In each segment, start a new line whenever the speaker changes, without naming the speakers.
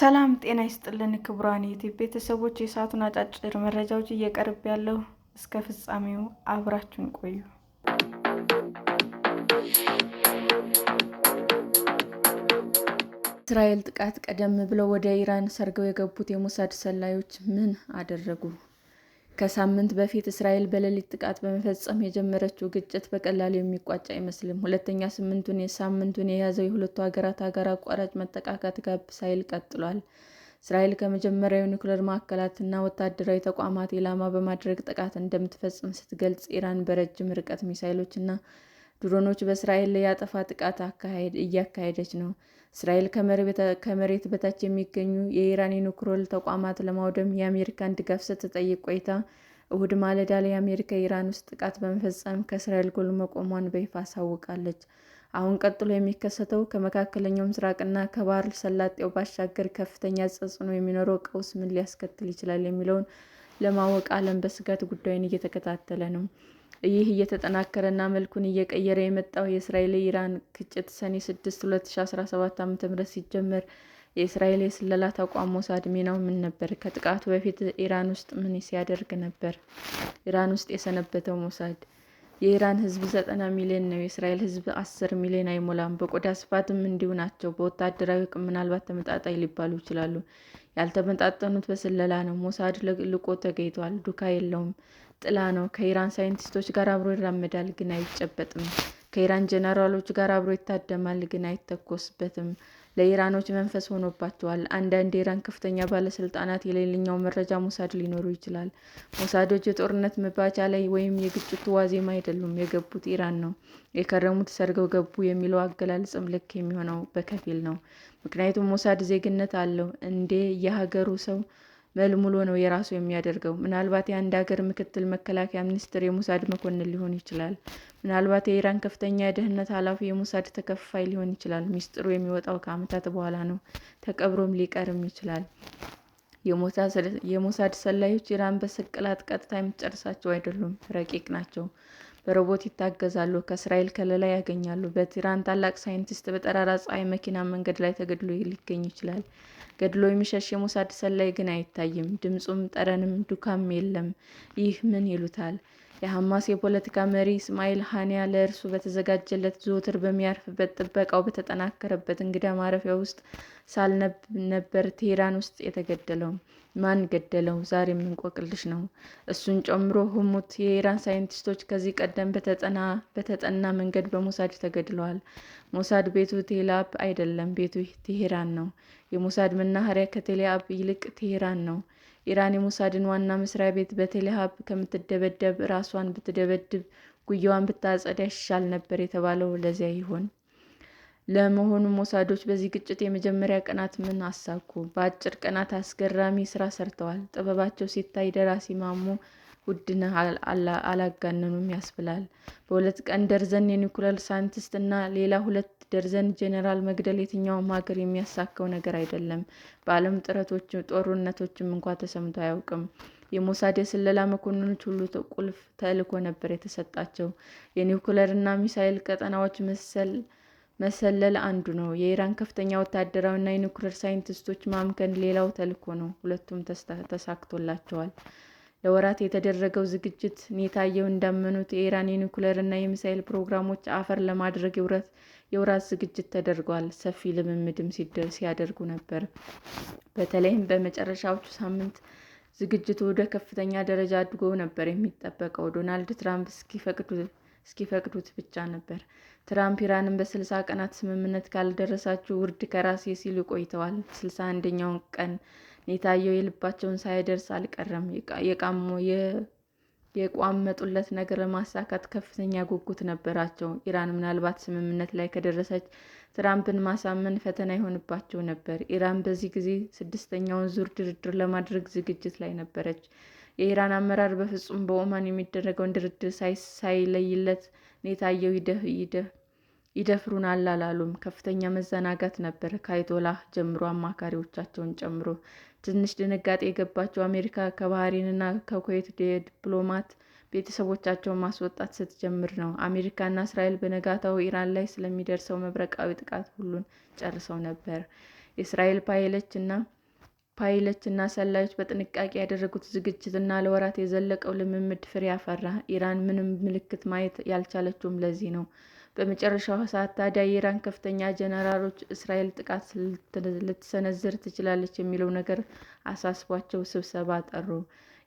ሰላም ጤና ይስጥልን ክቡራን ዩቲዩብ ቤተሰቦች፣ የሰዓቱን አጫጭር መረጃዎች እየቀርብ ያለው እስከ ፍጻሜው አብራችሁን ቆዩ። እስራኤል ጥቃት ቀደም ብለው ወደ ኢራን ሰርገው የገቡት የሞሳድ ሰላዮች ምን አደረጉ? ከሳምንት በፊት እስራኤል በሌሊት ጥቃት በመፈጸም የጀመረችው ግጭት በቀላሉ የሚቋጭ አይመስልም። ሁለተኛ ሳምንቱን የያዘው የሁለቱ ሀገራት ሀገር አቋራጭ መጠቃቃት ጋብ ሳይል ቀጥሏል። እስራኤል ከመጀመሪያው የኒውክሌር ማዕከላትና ወታደራዊ ተቋማት ኢላማ በማድረግ ጥቃት እንደምትፈጽም ስትገልጽ፣ ኢራን በረጅም ርቀት ሚሳይሎችና ድሮኖች በእስራኤል ላይ ያጠፋ ጥቃት እያካሄደች ነው። እስራኤል ከመሬት በታች የሚገኙ የኢራን የኒውክሌር ተቋማት ለማውደም የአሜሪካን ድጋፍ ስትጠይቅ ቆይታ እሁድ ማለዳ ላይ አሜሪካ ኢራን ውስጥ ጥቃት በመፈጸም ከእስራኤል ጎን መቆሟን በይፋ አሳውቃለች። አሁን ቀጥሎ የሚከሰተው ከመካከለኛው ምስራቅና ከባህር ሰላጤው ባሻገር ከፍተኛ ተጽዕኖ የሚኖረው ቀውስ ምን ሊያስከትል ይችላል የሚለውን ለማወቅ ዓለም በስጋት ጉዳዩን እየተከታተለ ነው። ይህ እየተጠናከረና መልኩን እየቀየረ የመጣው የእስራኤል ኢራን ግጭት ሰኔ 6 2017 ዓ.ም ሲጀመር የእስራኤል የስለላ ተቋም ሞሳድ ሚናው ምን ነበር? ከጥቃቱ በፊት ኢራን ውስጥ ምን ሲያደርግ ነበር? ኢራን ውስጥ የሰነበተው ሞሳድ የኢራን ህዝብ ዘጠና ሚሊዮን ነው። የእስራኤል ህዝብ አስር ሚሊዮን አይሞላም። በቆዳ ስፋትም እንዲሁ ናቸው። በወታደራዊ ቅም ምናልባት ተመጣጣኝ ሊባሉ ይችላሉ። ያልተመጣጠኑት በስለላ ነው። ሞሳድ ልቆ ተገኝቷል። ዱካ የለውም። ጥላ ነው። ከኢራን ሳይንቲስቶች ጋር አብሮ ይራመዳል፣ ግን አይጨበጥም። ከኢራን ጀነራሎች ጋር አብሮ ይታደማል፣ ግን አይተኮስበትም። ለኢራኖች መንፈስ ሆኖባቸዋል። አንዳንድ የኢራን ከፍተኛ ባለስልጣናት የሌላኛው መረጃ ሞሳድ ሊኖሩ ይችላል። ሞሳዶች የጦርነት መባቻ ላይ ወይም የግጭቱ ዋዜማ አይደሉም። የገቡት ኢራን ነው። የከረሙት ሰርገው ገቡ የሚለው አገላለጽም ልክ የሚሆነው በከፊል ነው። ምክንያቱም ሞሳድ ዜግነት አለው። እንዴ የሀገሩ ሰው መልምሎ ነው የራሱ የሚያደርገው። ምናልባት የአንድ ሀገር ምክትል መከላከያ ሚኒስትር የሙሳድ መኮንን ሊሆን ይችላል። ምናልባት የኢራን ከፍተኛ የደህንነት ኃላፊ የሙሳድ ተከፋይ ሊሆን ይችላል። ሚስጥሩ የሚወጣው ከዓመታት በኋላ ነው። ተቀብሮም ሊቀርም ይችላል። የሞሳድ ሰላዮች ኢራን በስቅላት ቀጥታ የምትጨርሳቸው አይደሉም፣ ረቂቅ ናቸው። በሮቦት ይታገዛሉ፣ ከእስራኤል ከለላ ያገኛሉ። በትራን ታላቅ ሳይንቲስት በጠራራ ፀሐይ መኪና መንገድ ላይ ተገድሎ ሊገኝ ይችላል። ገድሎ የሚሸሽ የሞሳድ ሰላይ ግን አይታይም። ድምፁም ጠረንም ዱካም የለም። ይህ ምን ይሉታል? የሐማስ የፖለቲካ መሪ እስማኤል ሐኒያ ለእርሱ በተዘጋጀለት ዘወትር በሚያርፍበት ጥበቃው በተጠናከረበት እንግዳ ማረፊያ ውስጥ ሳለ ነበር ቴህራን ውስጥ የተገደለው። ማን ገደለው? ዛሬ የምንቆቅልሽ ነው። እሱን ጨምሮ ሁሙት የኢራን ሳይንቲስቶች ከዚህ ቀደም በተጠና መንገድ በሞሳድ ተገድለዋል። ሞሳድ ቤቱ ቴል አይደለም፣ ቤቱ ቴሄራን ነው። የሞሳድ መናኸሪያ ከቴሌአብ ይልቅ ቴሄራን ነው። ኢራን የሞሳድን ዋና መስሪያ ቤት በቴል ከምትደበደብ ራሷን ብትደበድብ ጉያዋን ብታጸዳ ይሻል ነበር የተባለው ለዚያ ይሆን? ለመሆኑ ሞሳዶች በዚህ ግጭት የመጀመሪያ ቀናት ምን አሳኩ? በአጭር ቀናት አስገራሚ ስራ ሰርተዋል። ጥበባቸው ሲታይ ደራሲ ማሞ ውድነህ አላጋነኑም ያስብላል። በሁለት ቀን ደርዘን የኒውክለር ሳይንቲስት እና ሌላ ሁለት ደርዘን ጄኔራል መግደል የትኛውም ሀገር የሚያሳካው ነገር አይደለም። በዓለም ጦርነቶችም እንኳ ተሰምቶ አያውቅም። የሞሳድ የስለላ መኮንኖች ሁሉ ቁልፍ ተልእኮ ነበር የተሰጣቸው። የኒውክለር እና ሚሳኤል ቀጠናዎች መሰል መሰለል አንዱ ነው። የኢራን ከፍተኛ ወታደራዊ እና የኒውክሌር ሳይንቲስቶች ማምከን ሌላው ተልዕኮ ነው። ሁለቱም ተሳክቶላቸዋል። ለወራት የተደረገው ዝግጅት ኔታየው እንዳመኑት የኢራን እና የሚሳኤል ፕሮግራሞች አፈር ለማድረግ የወራት ዝግጅት ተደርጓል። ሰፊ ልምምድም ሲያደርጉ ነበር። በተለይም በመጨረሻዎቹ ሳምንት ዝግጅቱ ወደ ከፍተኛ ደረጃ አድጎ ነበር የሚጠበቀው። ዶናልድ ትራምፕ እስኪፈቅዱት ብቻ ነበር። ትራምፕ ኢራንን በስልሳ ቀናት ስምምነት ካልደረሳችሁ ውርድ ከራሴ ሲሉ ቆይተዋል። ስልሳ አንደኛውን ቀን ኔታየው የልባቸውን ሳይደርስ አልቀረም። የቃሞ የቋመጡለት ነገር ለማሳካት ከፍተኛ ጉጉት ነበራቸው። ኢራን ምናልባት ስምምነት ላይ ከደረሰች ትራምፕን ማሳመን ፈተና ይሆንባቸው ነበር። ኢራን በዚህ ጊዜ ስድስተኛውን ዙር ድርድር ለማድረግ ዝግጅት ላይ ነበረች። የኢራን አመራር በፍጹም በኦማን የሚደረገውን ድርድር ሳይለይለት ኔታየው ይደህ ይደህ ይደፍሩናል አላሉም። ከፍተኛ መዘናጋት ነበር። ከአያቶላህ ጀምሮ አማካሪዎቻቸውን ጨምሮ። ትንሽ ድንጋጤ የገባቸው አሜሪካ ከባሕሬንና ከኩዌት የዲፕሎማት ቤተሰቦቻቸውን ማስወጣት ስትጀምር ነው። አሜሪካና እስራኤል በነጋታው ኢራን ላይ ስለሚደርሰው መብረቃዊ ጥቃት ሁሉን ጨርሰው ነበር። የእስራኤል ፓይለች እና ሰላዮች በጥንቃቄ ያደረጉት ዝግጅት እና ለወራት የዘለቀው ልምምድ ፍሬ አፈራ። ኢራን ምንም ምልክት ማየት ያልቻለችውም ለዚህ ነው። በመጨረሻው ሰዓት ታዲያ የኢራን ከፍተኛ ጀነራሎች እስራኤል ጥቃት ልትሰነዝር ትችላለች የሚለው ነገር አሳስቧቸው ስብሰባ ጠሩ።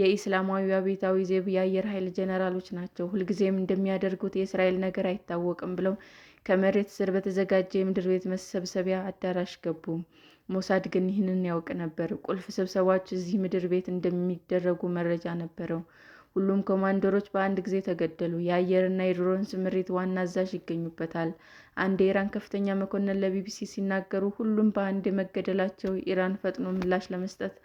የኢስላማዊ አብዮታዊ ዘብ የአየር ኃይል ጀነራሎች ናቸው። ሁልጊዜም እንደሚያደርጉት የእስራኤል ነገር አይታወቅም ብለው ከመሬት ስር በተዘጋጀ የምድር ቤት መሰብሰቢያ አዳራሽ ገቡ። ሞሳድ ግን ይህንን ያውቅ ነበር። ቁልፍ ስብሰባዎች እዚህ ምድር ቤት እንደሚደረጉ መረጃ ነበረው። ሁሉም ኮማንደሮች በአንድ ጊዜ ተገደሉ። የአየርና የድሮን ስምሪት ዋና አዛዥ ይገኙበታል። አንድ የኢራን ከፍተኛ መኮንን ለቢቢሲ ሲናገሩ ሁሉም በአንድ መገደላቸው ኢራን ፈጥኖ ምላሽ ለመስጠት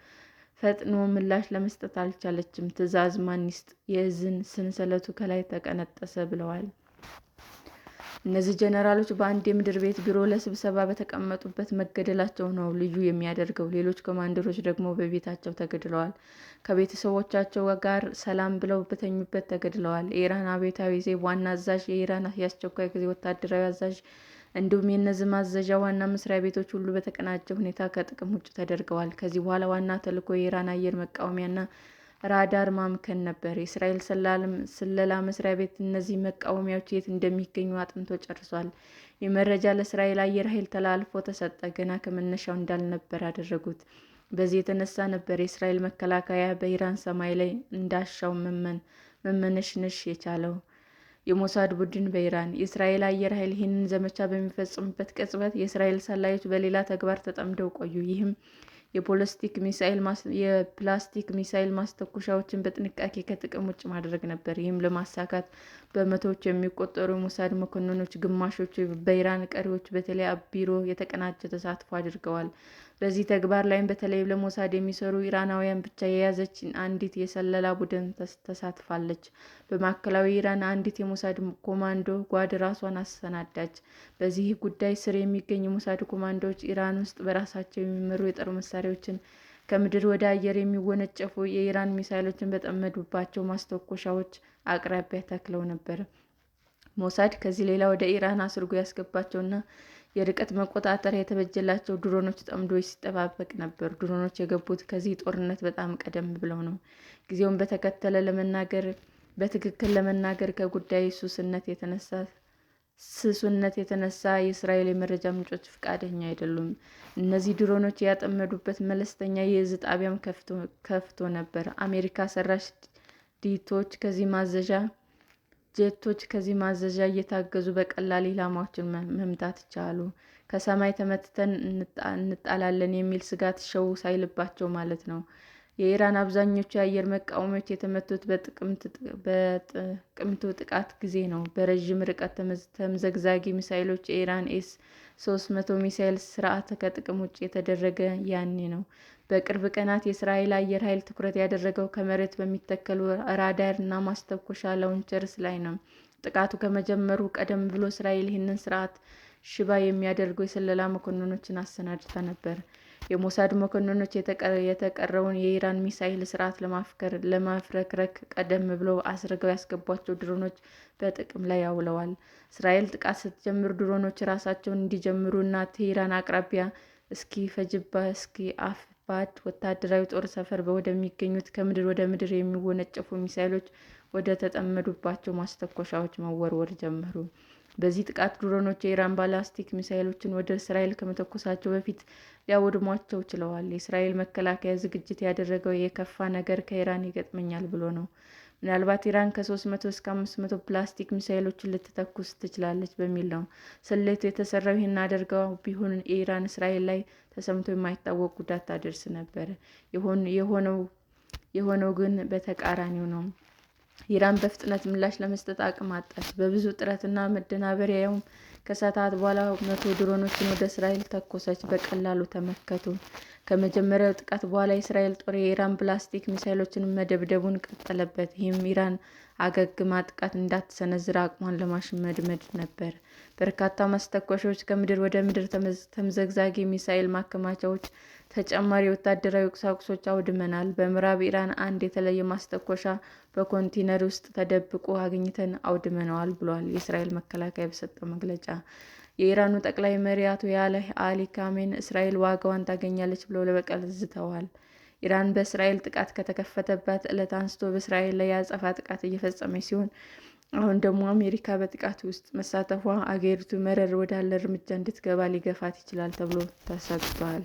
ፈጥኖ ምላሽ ለመስጠት አልቻለችም። ትዕዛዝ ማን ይስጥ? የእዝን ሰንሰለቱ ከላይ ተቀነጠሰ ብለዋል። እነዚህ ጄኔራሎች በአንድ የምድር ቤት ቢሮ ለስብሰባ በተቀመጡበት መገደላቸው ነው ልዩ የሚያደርገው። ሌሎች ኮማንደሮች ደግሞ በቤታቸው ተገድለዋል። ከቤተሰቦቻቸው ጋር ሰላም ብለው በተኙበት ተገድለዋል። የኢራን አብዮታዊ ዘብ ዋና አዛዥ፣ የኢራን የአስቸኳይ ጊዜ ወታደራዊ አዛዥ እንዲሁም የእነዚህ ማዘዣ ዋና መስሪያ ቤቶች ሁሉ በተቀናጀ ሁኔታ ከጥቅም ውጭ ተደርገዋል። ከዚህ በኋላ ዋና ተልዕኮ የኢራን አየር መቃወሚያና ራዳር ማምከን ነበር። የእስራኤል ስለላ መስሪያ ቤት እነዚህ መቃወሚያዎች የት እንደሚገኙ አጥንቶ ጨርሷል። የመረጃ ለእስራኤል አየር ኃይል ተላልፎ ተሰጠ። ገና ከመነሻው እንዳልነበር አደረጉት። በዚህ የተነሳ ነበር የእስራኤል መከላከያ በኢራን ሰማይ ላይ እንዳሻው መመነሽነሽ የቻለው። የሞሳድ ቡድን በኢራን የእስራኤል አየር ኃይል ይህንን ዘመቻ በሚፈጽምበት ቅጽበት የእስራኤል ሰላዮች በሌላ ተግባር ተጠምደው ቆዩ። ይህም የፖለስቲክ ሚሳኤል የፕላስቲክ ሚሳኤል ማስተኮሻዎችን በጥንቃቄ ከጥቅም ውጭ ማድረግ ነበር። ይህም ለማሳካት በመቶዎች የሚቆጠሩ የሙሳድ መኮንኖች፣ ግማሾቹ በኢራን ቀሪዎች በተለይ አቢሮ የተቀናጀ ተሳትፎ አድርገዋል። በዚህ ተግባር ላይም በተለይ ለሞሳድ የሚሰሩ ኢራናውያን ብቻ የያዘችን አንዲት የሰለላ ቡድን ተሳትፋለች። በማዕከላዊ ኢራን አንዲት የሞሳድ ኮማንዶ ጓድ ራሷን አሰናዳች። በዚህ ጉዳይ ስር የሚገኙ የሞሳድ ኮማንዶዎች ኢራን ውስጥ በራሳቸው የሚመሩ የጦር መሳሪያዎችን ከምድር ወደ አየር የሚወነጨፉ የኢራን ሚሳይሎችን በጠመዱባቸው ማስተኮሻዎች አቅራቢያ ተክለው ነበር። ሞሳድ ከዚህ ሌላ ወደ ኢራን አስርጎ ያስገባቸውና የርቀት መቆጣጠሪያ የተበጀላቸው ድሮኖች ጠምዶ ሲጠባበቅ ነበር። ድሮኖች የገቡት ከዚህ ጦርነት በጣም ቀደም ብለው ነው። ጊዜውን በተከተለ ለመናገር በትክክል ለመናገር ከጉዳይ ሱስነት የተነሳ ስሱነት የተነሳ የእስራኤል የመረጃ ምንጮች ፈቃደኛ አይደሉም። እነዚህ ድሮኖች ያጠመዱበት መለስተኛ የእዝ ጣቢያም ከፍቶ ነበር። አሜሪካ ሰራሽ ዲቶች ከዚህ ማዘዣ ጄቶች ከዚህ ማዘዣ እየታገዙ በቀላሉ ኢላማዎችን መምታት ቻሉ። ከሰማይ ተመትተን እንጣላለን የሚል ስጋት ሸው ሳይልባቸው ማለት ነው። የኢራን አብዛኞቹ የአየር መቃወሚያዎች የተመቱት በጥቅምቱ ጥቃት ጊዜ ነው። በረዥም ርቀት ተምዘግዛጊ ሚሳይሎች የኢራን ኤስ 300 ሚሳይል ስርዓት ከጥቅም ውጭ የተደረገ ያኔ ነው። በቅርብ ቀናት የእስራኤል አየር ኃይል ትኩረት ያደረገው ከመሬት በሚተከሉ ራዳር እና ማስተኮሻ ላውንቸርስ ላይ ነው። ጥቃቱ ከመጀመሩ ቀደም ብሎ እስራኤል ይህንን ስርዓት ሽባ የሚያደርጉ የስለላ መኮንኖችን አሰናድታ ነበር። የሞሳድ መኮንኖች የተቀረውን የኢራን ስርዓት ለማፍከር ለማፍረክረክ ቀደም ብሎ አስርገው ያስገቧቸው ድሮኖች በጥቅም ላይ አውለዋል። እስራኤል ጥቃት ስትጀምር ድሮኖች ራሳቸውን እንዲጀምሩ እና ቴህራን አቅራቢያ እስኪ ፈጅባ እስኪ አፍ በአንድ ወታደራዊ ጦር ሰፈር ወደሚገኙት ከምድር ወደ ምድር የሚወነጨፉ ሚሳኤሎች ወደ ተጠመዱባቸው ማስተኮሻዎች መወርወር ጀመሩ። በዚህ ጥቃት ድሮኖች የኢራን ባላስቲክ ሚሳኤሎችን ወደ እስራኤል ከመተኮሳቸው በፊት ሊያወድሟቸው ችለዋል። የእስራኤል መከላከያ ዝግጅት ያደረገው የከፋ ነገር ከኢራን ይገጥመኛል ብሎ ነው። ምናልባት ኢራን ከ300 እስከ 500 ፕላስቲክ ሚሳይሎችን ልትተኩስ ትችላለች በሚል ነው ስሌቱ የተሰራው። ይህን አድርገው ቢሆን የኢራን እስራኤል ላይ ተሰምቶ የማይታወቅ ጉዳት ታደርስ ነበር። የሆነው ግን በተቃራኒው ነው። ኢራን በፍጥነት ምላሽ ለመስጠት አቅም አጣች። በብዙ ጥረትና መደናበሪያውም ከሰዓታት በኋላ መቶ ድሮኖችን ወደ እስራኤል ተኮሰች፣ በቀላሉ ተመከቱ። ከመጀመሪያው ጥቃት በኋላ የእስራኤል ጦር የኢራን ባላስቲክ ሚሳይሎችን መደብደቡን ቀጠለበት። ይህም ኢራን አገግማ ጥቃት እንዳትሰነዝር አቅሟን ለማሽመድመድ ነበር። በርካታ ማስተኮሻዎች፣ ከምድር ወደ ምድር ተምዘግዛጊ ሚሳኤል ማከማቻዎች፣ ተጨማሪ ወታደራዊ ቁሳቁሶች አውድመናል። በምዕራብ ኢራን አንድ የተለየ ማስተኮሻ በኮንቴይነር ውስጥ ተደብቆ አግኝተን አውድመነዋል ብሏል የእስራኤል መከላከያ በሰጠው መግለጫ። የኢራኑ ጠቅላይ መሪ አያቶላህ አሊ ካሜኒ እስራኤል ዋጋዋን ታገኛለች ብለው ለበቀል ዝተዋል። ኢራን በእስራኤል ጥቃት ከተከፈተባት ዕለት አንስቶ በእስራኤል ላይ የአጸፋ ጥቃት እየፈጸመች ሲሆን አሁን ደግሞ አሜሪካ በጥቃቱ ውስጥ መሳተፏ አገሪቱ መረር ወዳለ እርምጃ እንድትገባ ሊገፋት ይችላል ተብሎ ተሰግቷል።